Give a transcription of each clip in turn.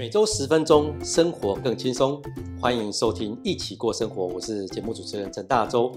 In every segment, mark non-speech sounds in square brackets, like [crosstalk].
每週十分鐘，生活更輕鬆。歡迎收聽《藝起過生活》，我是節目主持人陳大洲。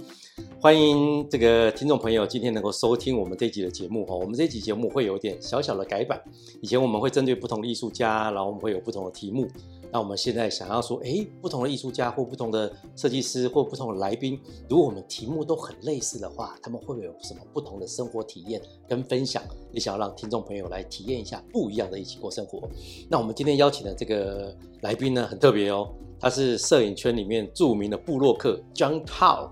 歡迎這個聽眾朋友，今天能夠收聽我們這集的節目哈。我們這集節目會有點小小的改版，以前我們會針對不同的藝術家，然後我們會有不同的題目。那我們現在想要說誒，不同的藝術家或不同的設計師或不同的來賓，如果我們題目都很類似的話，他們會有什麼不同的生活體驗跟分享？也想要讓聽眾朋友來體驗一下不一樣的一起過生活。那我們今天邀請的這個來賓呢，很特別哦，他是攝影圈裡面著名的部落客 John Tao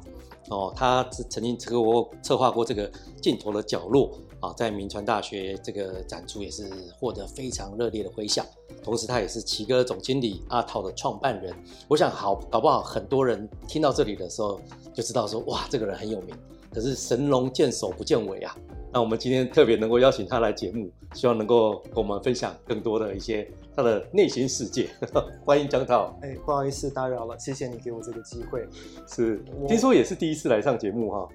哦，他是曾經策我策劃過這個鏡頭的角落。在銘傳大學這個展出也是獲得非常熱烈的回響，同時他也是奇哥總經理 ARTAO 的創辦人。我想好，搞不好很多人聽到這裡的時候就知道說，哇，這個人很有名，可是神龍見首不見尾啊！那我們今天特別能夠邀請他來節目，希望能夠跟我們分享更多的一些他的內心世界。呵呵，歡迎 John Tao。哎、欸，不好意思打擾了，謝謝你給我這個機會。是，我聽說也是第一次來上節目哈。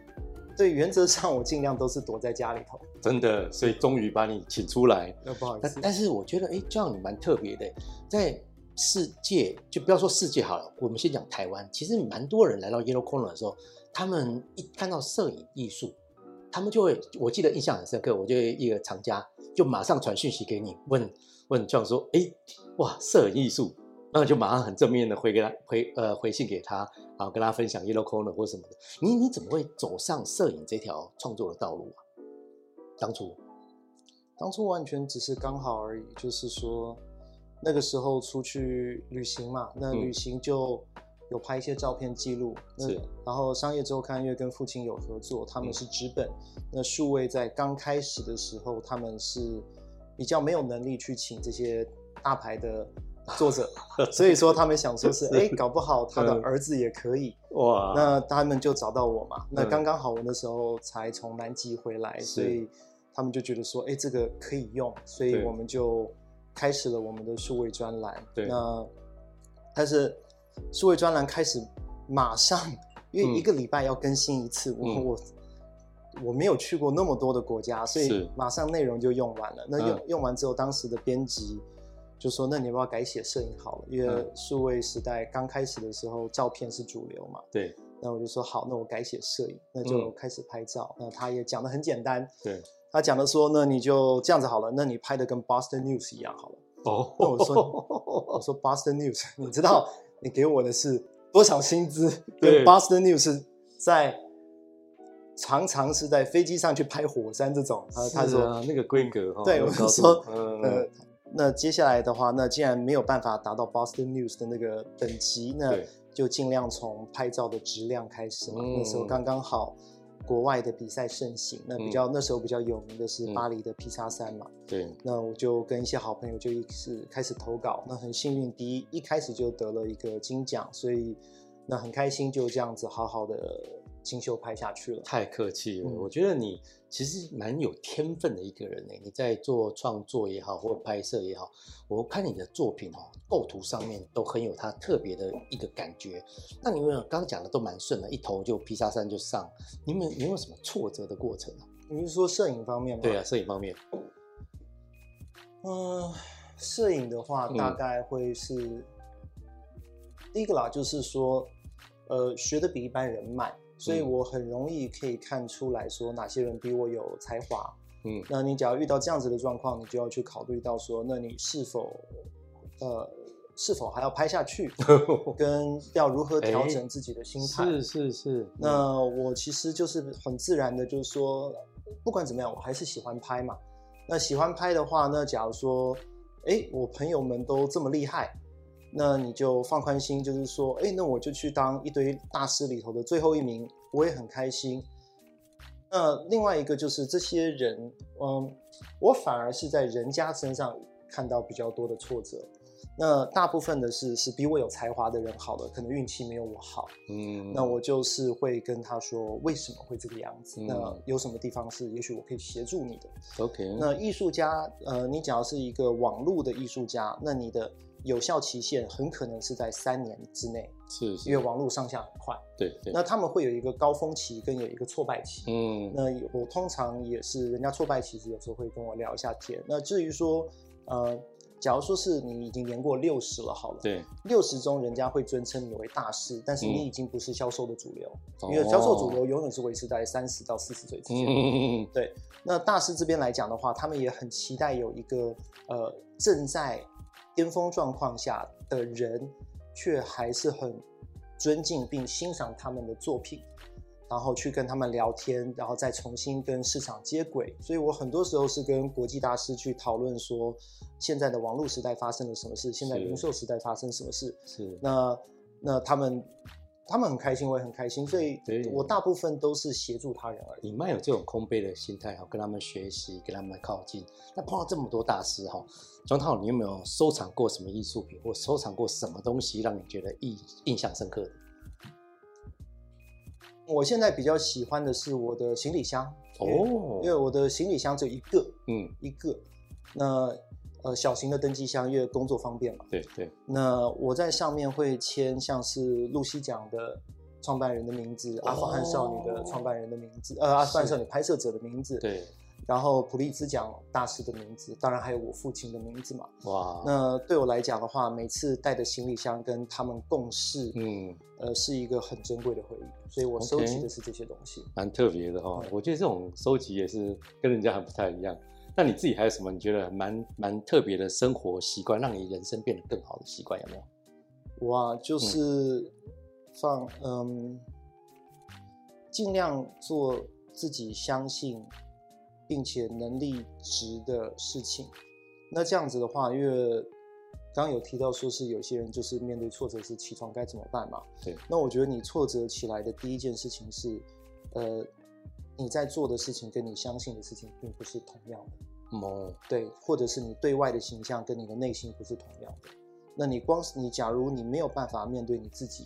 對，原則上我尽量都是躲在家裡頭，真的。所以終於把你請出來，那、嗯嗯、不好意思但。但是我覺得，哎、欸、，John 你蠻特別的，在世界就不要說世界好了，我們先講台灣。其實蠻多人來到 Yellow Corner 的時候，他們一看到攝影藝術，他們就會，我記得印象很深刻，我就一個藏家就馬上傳訊息給你，問問 John 說，哎、欸，哇，攝影藝術。那就馬上很正面的回給他回呃回信給他，好跟他分享 Yellow Corner 或什麼的。你你怎麼會走上攝影這條創作的道路啊？當初，當初完全只是剛好而已。就是說，那個時候出去旅行嘛，那旅行就有拍一些照片記錄。嗯、那，是然後商業週刊，因為跟父親有合作，他們是紙本，嗯、那數位在剛開始的時候他們是比較沒有能力去請這些大牌的。 [laughs] 作者，所以說他們想說是，哎、欸，搞不好他的兒子也可以、 [laughs] 嗯、哇。那他們就找到我嘛。嗯、那剛剛好，我那時候才從南極回來，是所以他們就覺得說，哎、欸，這個可以用。所以我們就開始了我們的數位專欄。對那但是數位專欄開始馬上，因為一個禮拜要更新一次，嗯、我我我沒有去過那麼多的國家，所以馬上內容就用完了。嗯、那用用完之後，當時的編輯。就說那你要不要改寫攝影好了，因為數位時代剛開始的時候，照片是主流嘛。對。那我就說好，那我改寫攝影，那就開始拍照。那他也講的很簡單。對。他講的說，那你就這樣子好了，那你拍的跟《Boston News》一樣好了。哦。那我說，我說《Boston News》，你知道你給我的是多少薪資？對。跟《Boston News》在常常是在飛機上去拍火山這種，啊，他說那個規格哈。對，我是說，那接下來的話，那既然沒有辦法達到 Boston News 的那個等級，那就盡量從拍照的質量開始嘛。嗯、那時候剛剛好，國外的比賽盛行，那比較、嗯、那時候比較有名的是巴黎的 PX3 嘛。對、嗯，那我就跟一些好朋友就一起開始投稿。那很幸運，第一一開始就得了一個金獎，所以那很開心，就這樣子好好的。精修拍下去了，太客氣了。嗯、我覺得你其實蠻有天分的一個人呢，欸。你在做創作也好，或拍攝也好，我看你的作品哦，喔，構圖上面都很有它特別的一個感覺。那你有沒有，剛剛講的都蠻順的，一投就 P 三山就上？你有沒有你有沒有什麼挫折的過程啊？你是說攝影方面嗎？對啊，攝影方面。嗯、呃，攝影的話，大概會是、嗯、第一個啦，就是說，呃，學的比一般人慢。所以我很容易可以看出來說哪些人比我有才華。嗯，那你假如遇到這樣子的狀況，你就要去考慮到說，那你是否呃是否還要拍下去， [laughs] 跟要如何調整自己的心態。欸，是是是。是嗯，那我其實就是很自然的，就是說不管怎麼樣，我還是喜歡拍嘛。那喜歡拍的話呢，那假如說，哎，欸，我朋友們都這麼厲害。那你就放寬心，就是說，哎、欸，那我就去當一堆大師裡頭的最後一名，我也很開心。那另外一個就是這些人，嗯，我反而是在人家身上看到比較多的挫折。那大部分的是是比我有才華的人，好的可能運氣沒有我好。嗯，那我就是會跟他說，為什麼會這個樣子？嗯、那有什麼地方是也許我可以協助你的？OK，那藝術家，呃，你只要是一個網絡的藝術家，那你的。有效期限很可能是在三年之內，是，是，因為網絡上下很快，對對。那他們會有一個高峰期，跟有一個挫敗期。嗯，那我通常也是，人家挫敗期其實有時候會跟我聊一下天。那至於說，呃，假如說是你已經年過六十了，好了，對，六十中人家會尊稱你為大師，但是你已經不是銷售的主流，嗯、因為銷售主流永遠是維持在三十到四十歲之間。嗯、對，那大師這邊來講的話，他們也很期待有一個呃正在。巔峰狀況下的人，卻還是很尊敬並欣賞他們的作品，然後去跟他們聊天，然後再重新跟市場接軌。所以我很多時候是跟國際大師去討論說，現在的網絡時代發生了什麼事，現在零售時代發生什麼事。是，是那那他們。他們很開心，我也很開心，所以我大部分都是協助他人而已。你蠻有這種空杯的心態，哈，跟他們學習，跟他們靠近。那碰到這麼多大師，哈，莊濤，你有沒有收藏過什麼藝術品，或收藏過什麼東西讓你覺得印印象深刻的？我現在比較喜歡的是我的行李箱，哦，因為我的行李箱只有一個，嗯，一個，那。呃，小型的登機箱，因為工作方便嘛。對對。對，那我在上面會簽，像是露西獎的創辦人的名字，哦、阿富汗少女的創辦人的名字，是呃，阿富汗少女拍攝者的名字。對。然後普利茲獎大師的名字，當然還有我父親的名字嘛。哇。那對我來講的話，每次帶的行李箱跟他們共事，嗯，呃，是一個很珍貴的回憶。所以我收集的是這些東西。蠻、okay, 特別的哦。對我覺得這種收集也是跟人家還不太一樣。那你自己還有什麼你覺得蠻蠻特別的生活習慣，讓你人生變得更好的習慣有沒有？哇，就是放嗯，嗯，盡量做自己相信並且能力值的事情。那這樣子的話，因為剛剛有提到說是有些人就是面對挫折時起床該怎麼辦嘛？對。那我覺得你挫折起來的第一件事情是，呃。你在做的事情跟你相信的事情並不是同樣的，嗯、哦，對，或者是你對外的形象跟你的內心不是同樣的。那你光是你假如你沒有辦法面對你自己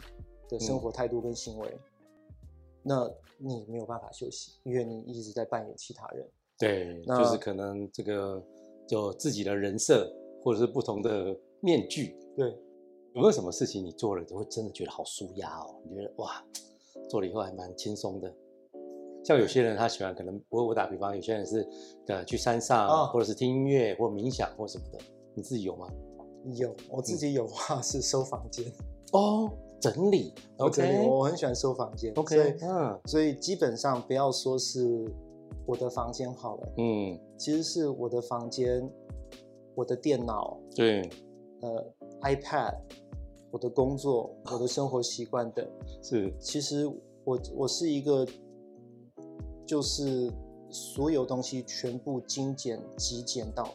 的生活態度跟行為，嗯、那你沒有辦法休息，因為你一直在扮演其他人。對，那就是可能這個就自己的人設或者是不同的面具。對，有沒有什麼事情你做了就會真的覺得好舒壓哦？你覺得哇，做了以後還蠻輕鬆的。像有些人他喜歡，可能不過我打比方，有些人是呃去山上，哦、或者是聽音樂或冥想或什麼的。你自己有嗎？有，我自己有話是收房間、嗯、哦，整理，我整理，OK，我很喜歡收房間。OK，嗯，所以基本上不要說是我的房間好了，嗯，其實是我的房間、我的電腦，對、嗯，呃，iPad，我的工作、我的生活習慣等。是，其實我我是一個。就是所有東西全部精簡、極簡到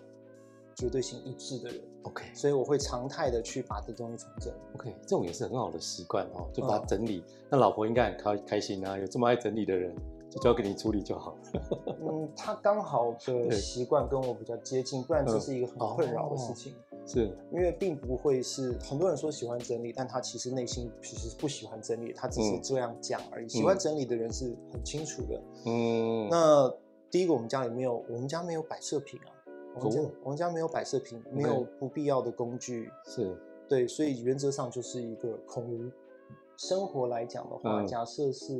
絕對性一致的人。OK，所以我會常態的去把這東西重整。OK，這種也是很好的習慣哦，就把它整理。嗯、那老婆應該很開開心啊，有這麼愛整理的人，就交給你處理就好了。 [laughs] 嗯，他剛好的習慣跟我比較接近，對不然這是一個很困擾的事情。嗯哦哦哦是因為並不會是很多人說喜歡整理，但他其實內心其實不喜歡整理，他只是這樣講而已。嗯嗯、喜歡整理的人是很清楚的。嗯，那第一個我們家裡沒有，我們家沒有擺設品啊，我們家，哦、我們家沒有擺設品，okay, 沒有不必要的工具，是對，所以原則上就是一個空屋。生活來講的話，嗯、假設是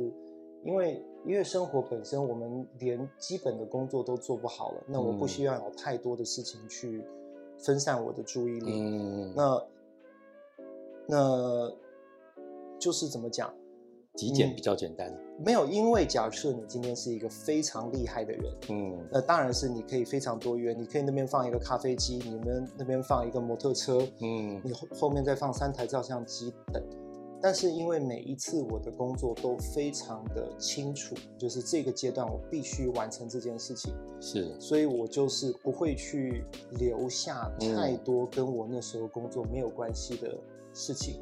因為因為生活本身我們連基本的工作都做不好了，那我不需要有太多的事情去，分散我的注意力。嗯，那那就是怎麼講？極簡你比較簡單。沒有，因為假設你今天是一個非常厲害的人，嗯，那當然是你可以非常多元。你可以那邊放一個咖啡機，你們那邊放一個摩托車，嗯，你後後面再放三台照相機等。但是因為每一次我的工作都非常的清楚，就是這個階段我必須完成這件事情，是，所以我就是不會去留下太多跟我那時候工作沒有關係的事情。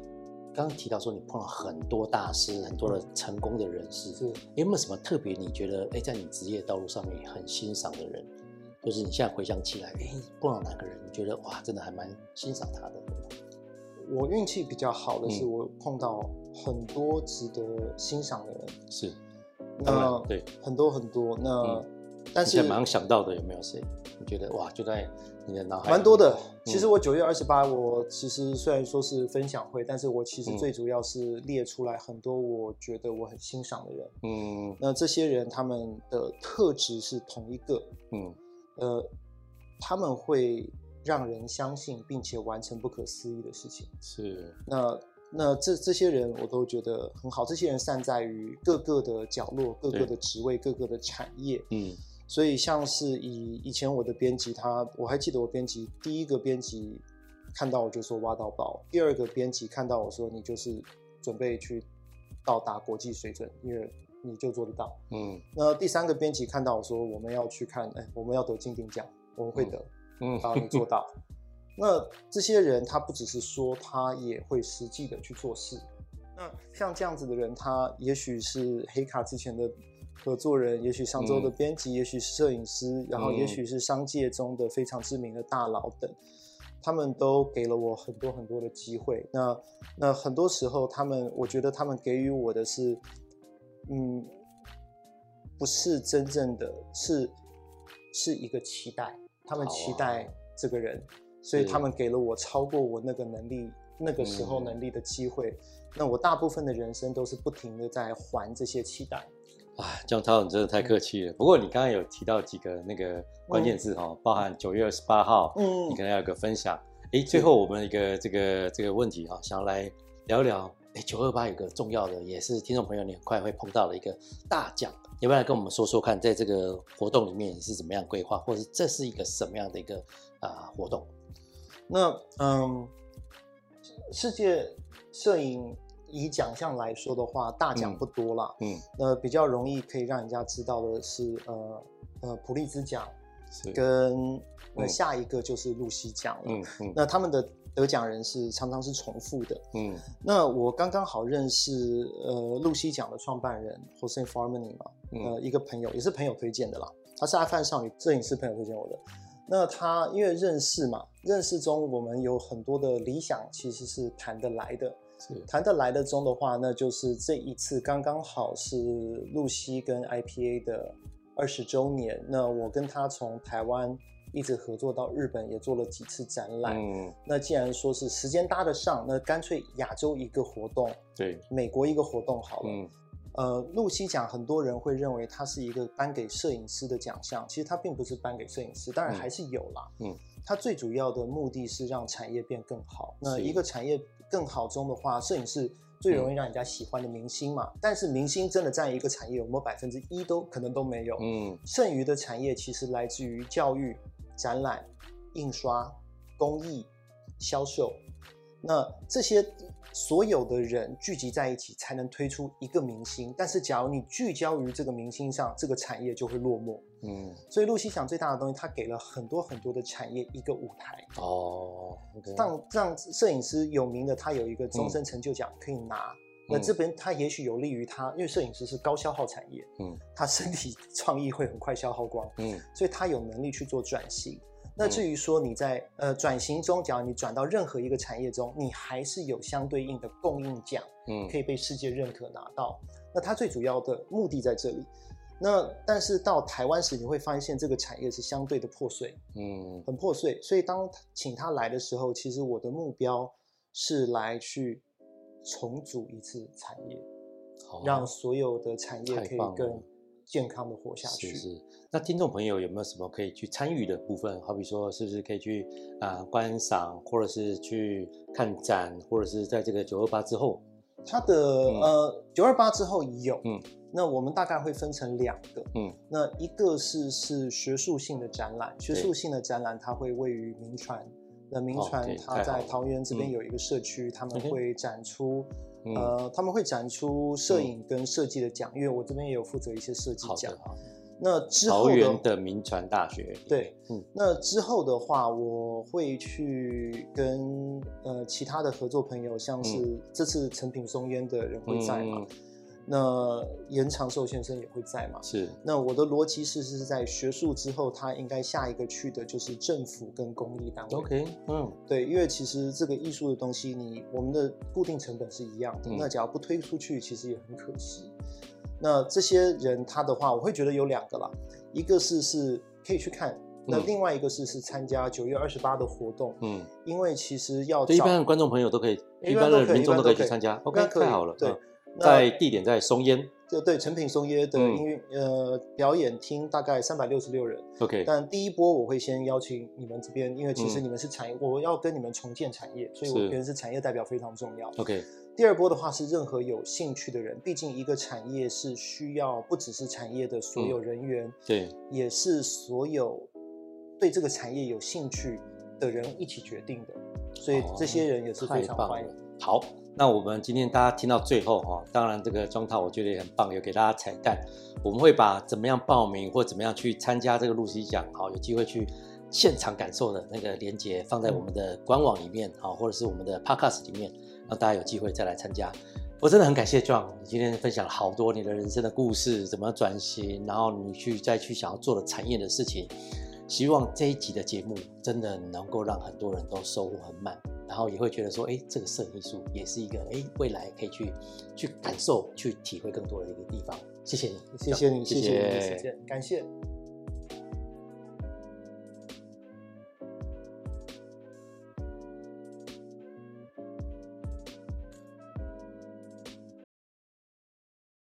剛剛、嗯、提到說你碰到很多大師，嗯、很多的成功的人士，是，有沒有什麼特別你覺得哎、欸，在你職業道路上面很欣賞的人？嗯、就是你現在回想起來，哎、欸，碰到哪個人，你覺得哇，真的還蠻欣賞他的？我運氣比較好的是，嗯，我碰到很多值得欣賞的人，是，那、呃、對，很多很多，那、嗯、但是你馬上想到的有沒有誰？你覺得哇，就在你的腦海？蠻多的。其實我九月二十八，我其實雖然說是分享會，嗯、但是我其實最主要是列出來很多我覺得我很欣賞的人。嗯，那這些人他們的特質是同一個。嗯，呃，他們會。讓人相信並且完成不可思議的事情。是那，那這，這些人我都覺得很好，這些人善在於各個的角落、各個的職位、對各個的產業。嗯，所以像是以以前我的編輯他，他我還記得我編輯第一個編輯看到我就說挖到寶，第二個編輯看到我說你就是準備去到達國際水準，因為你就做得到。嗯，那第三個編輯看到我說我們要去看，哎，我們要得金鼎獎，我們會得。嗯嗯，然後做到 [laughs] 那，那這些人他不只是說，他也會實際的去做事。那像這樣子的人，他也許是黑卡之前的合作人，也許上週的編輯，嗯、也許是攝影師，然後也許是商界中的非常知名的大佬等，嗯、他們都給了我很多很多的機會。那那很多時候，他們我覺得他們給予我的是，嗯，不是真正的，是是一個期待。他們期待這個人，啊、所以他們給了我超過我那個能力，是那個時候能力的機會。嗯、那我大部分的人生都是不停的在還這些期待。啊，John Tao，你真的太客氣了。嗯、不過你剛剛有提到幾個那個關鍵字哈、哦，嗯、包含九月二十八號，嗯，你可能要有個分享。哎、嗯，最後我們一個這個這個問題哈，想來聊聊。九二八有個重要的，也是聽眾朋友你很快會碰到的一個大獎，要不要來跟我們說說看，在這個活動裡面是怎麼樣規劃，或是這是一個什麼樣的一個啊、呃、活動？那嗯、呃，世界攝影以獎項來說的話，大獎不多啦、嗯，嗯，那、呃、比較容易可以讓人家知道的是，呃呃普利茲獎，跟那、嗯呃、下一個就是露西獎了。嗯嗯、那他們的。得獎人是常常是重複的，嗯，那我剛剛好認識，呃，露西獎的創辦人 Hossein、嗯、Farmani 嘛，呃，一個朋友，也是朋友推薦的啦，他是阿范少宇攝影師朋友推薦我的。那他因為認識嘛，認識中我們有很多的理想其實是談得來的，是談得來的中的話，那就是這一次剛剛好是露西跟 IPA 的二十周年，那我跟他從台灣。一直合作到日本也做了幾次展覽，嗯，那既然說是時間搭得上，那乾脆亞洲一個活動，對，美國一個活動好了，嗯，呃，露西獎很多人會認為它是一個頒給攝影師的獎項，其實它並不是頒給攝影師，當然還是有啦，嗯，它、嗯、最主要的目的是讓產業變更好。那一個產業更好中的話，攝影師最容易讓人家喜歡的明星嘛，嗯、但是明星真的佔一個產業有沒有，我們百分之一都可能都沒有，嗯，剩餘的產業其實來自於教育。展覽、印刷、工藝、銷售，那這些所有的人聚集在一起，才能推出一個明星。但是，假如你聚焦於這個明星上，這個產業就會落寞。嗯，所以露西想最大的東西，他給了很多很多的產業一個舞台。哦、oh, okay，讓讓攝影師有名的，他有一個終身成就獎，嗯、可以拿。嗯、那這邊他也許有利於他，因為攝影師是高消耗產業，嗯，他身體創意會很快消耗光，嗯，所以他有能力去做轉型。那至於說你在、嗯、呃轉型中，假如你轉到任何一個產業中，你還是有相對應的供應獎，嗯，可以被世界認可拿到。那他最主要的目的在這裡。那但是到台灣時你會發現這個產業是相對的破碎，嗯，很破碎。所以當請他來的時候，其實我的目標是來去。重組一次產業，哦、讓所有的產業可以更健康的活下去。是是那聽眾朋友有沒有什麼可以去參與的部分？好比說，是不是可以去啊、呃、觀賞，或者是去看展，或者是在這個九二八之後？它的、嗯、呃九二八之後已有。嗯。那我們大概會分成兩個。嗯。那一個是是學術性的展覽，學術性的展覽它會位於銘傳。的銘傳，Okay, 他在桃園這邊有一個社區，嗯、他們會展出，嗯、呃，他們會展出攝影跟設計的獎，嗯、因為我這邊也有負責一些設計獎啊。的那之後的，桃園的銘傳大學，對，嗯，那之後的話，我會去跟呃其他的合作朋友，像是這次誠品松菸的人會在嗎？嗯啊那嚴長壽先生也會在嘛？是。那我的邏輯是是在學術之後，他應該下一個去的就是政府跟公益單位。OK，嗯，對，因為其實這個藝術的東西你，你我們的固定成本是一樣的。嗯、那假如不推出去，其實也很可惜。那這些人他的話，我會覺得有兩個啦，一個是是可以去看，那另外一個是、嗯、是參加九月二十八的活動。嗯，因為其實要對一般的觀眾朋友都可以，一般的民眾都可，都，可都可以去參加。OK，太好了，對。嗯那在地點在松菸，對對，誠品松菸的音樂、嗯、呃表演廳大概三百六十六人。OK，但第一波我會先邀請你們這邊，因為其實你們是產業，嗯、我要跟你們重建產業，所以我覺得是產業代表非常重要。OK，第二波的話是任何有興趣的人，畢竟一個產業是需要不只是產業的所有人員，嗯、對，也是所有對這個產業有興趣的人一起決定的，所以這些人也是非、哦嗯、常歡迎。好，那我們今天大家聽到最後哈，當然這個 John Tao 我覺得也很棒，有給大家彩蛋。我們會把怎麼樣報名或怎麼樣去參加這個露西獎，好，有機會去現場感受的那個連接放在我們的官網裡面，好，或者是我們的 Podcast 裡面，讓大家有機會再來參加。我真的很感謝 John 你今天分享了好多你的人生的故事，怎麼轉型，然後你去再去想要做的產業的事情。希望這一集的節目真的能夠讓很多人都收穫很滿。然後也會覺得說，哎，這個攝影藝術也是一個，哎，未來可以去去感受、去體會更多的一個地方。謝謝你，謝謝你，啊、謝謝，感謝。